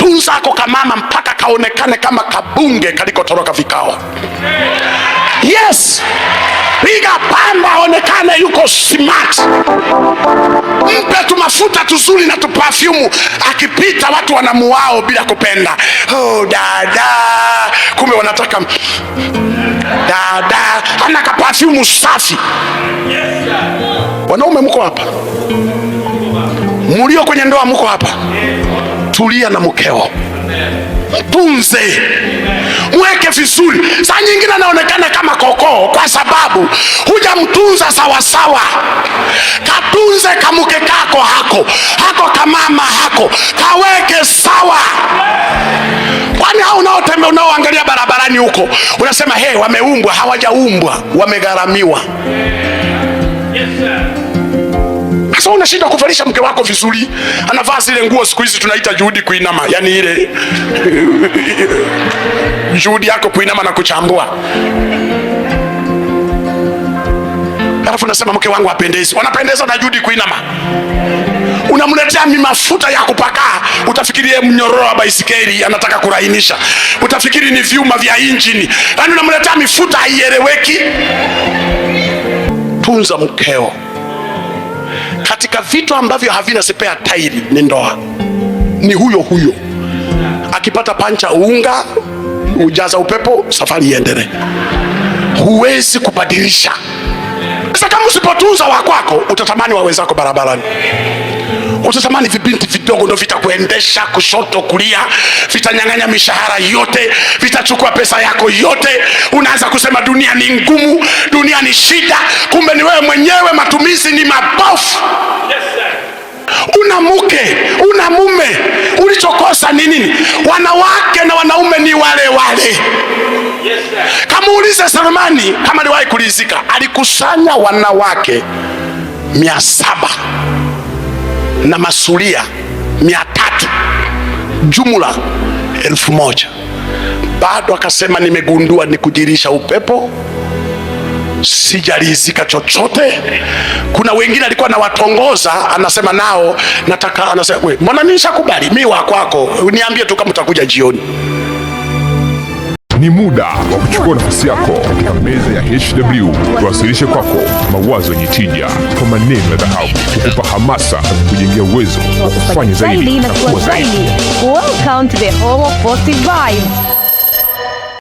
tunza ako kamama mpaka kaonekane kama kabunge kalikotoroka vikao. Yes, piga pamba, aonekane yuko smart. Mpe tu mafuta tuzuri na tupafyumu, akipita watu wanamuwao bila kupenda. Oh, dada, kumbe wanataka dada ana kapafyumu safi. Wanaume mko hapa, mulio kwenye ndoa mko hapa tulia na mkeo, mtunze, mweke vizuri. Saa nyingine anaonekana kama kokoo kwa sababu hujamtunza sawasawa. Katunze kamuke kako hako hako, kamama hako kaweke sawa Kwani hao unaotembea unaoangalia barabarani huko unasema he, wameumbwa? Hawajaumbwa, wamegharamiwa. Yes, sir. Sasa unashindwa kuvalisha mke wako vizuri, anavaa zile nguo siku hizi tunaita juhudi kuinama, yani ile juhudi yako kuinama na kuchambua Alafu nasema mke wangu apendezi, Wanapendeza na juhudi kuinama, unamletea mi mafuta ya kupakaa, utafikirie mnyororo wa baisikeli anataka kurainisha, utafikiri ni vyuma vya injini, Yani unamletea mifuta haieleweki. Tunza mkeo katika vitu ambavyo havina spea tairi ni ndoa, ni huyo huyo. Akipata pancha unga, ujaza upepo, safari iendelee. Huwezi kubadilisha. Sasa kama usipotunza wakwako, utatamani wawenzako barabarani. Utatamani vibinti vidogo ndo vitakuendesha kushoto kulia, vitanyang'anya mishahara yote, vitachukua pesa yako yote. Unaanza kusema dunia ni ngumu, dunia ni shida, kumbe ni wewe mwenyewe, matumizi ni mabofu. una mke una mume, ulichokosa ni nini? Wanawake na wanaume ni wale wale. kama Selemani kama aliwahi kulizika, alikusanya wanawake mia saba na masuria mia tatu jumla elfu moja bado akasema, nimegundua ni kujirisha upepo, sijalizika chochote. Kuna wengine alikuwa nawatongoza, anasema nao nataka, anasema mbona nishakubali, mi wa kwako niambie tu kama utakuja jioni. Ni muda wa kuchukua nafasi yako katika meza ya HW, tuwasilishe kwako mawazo yenye tija kwa maneno ya dhahabu, kukupa hamasa na uwezo wa kufanya zaidi na kuwa zaidi. Welcome to the home of positive vibes.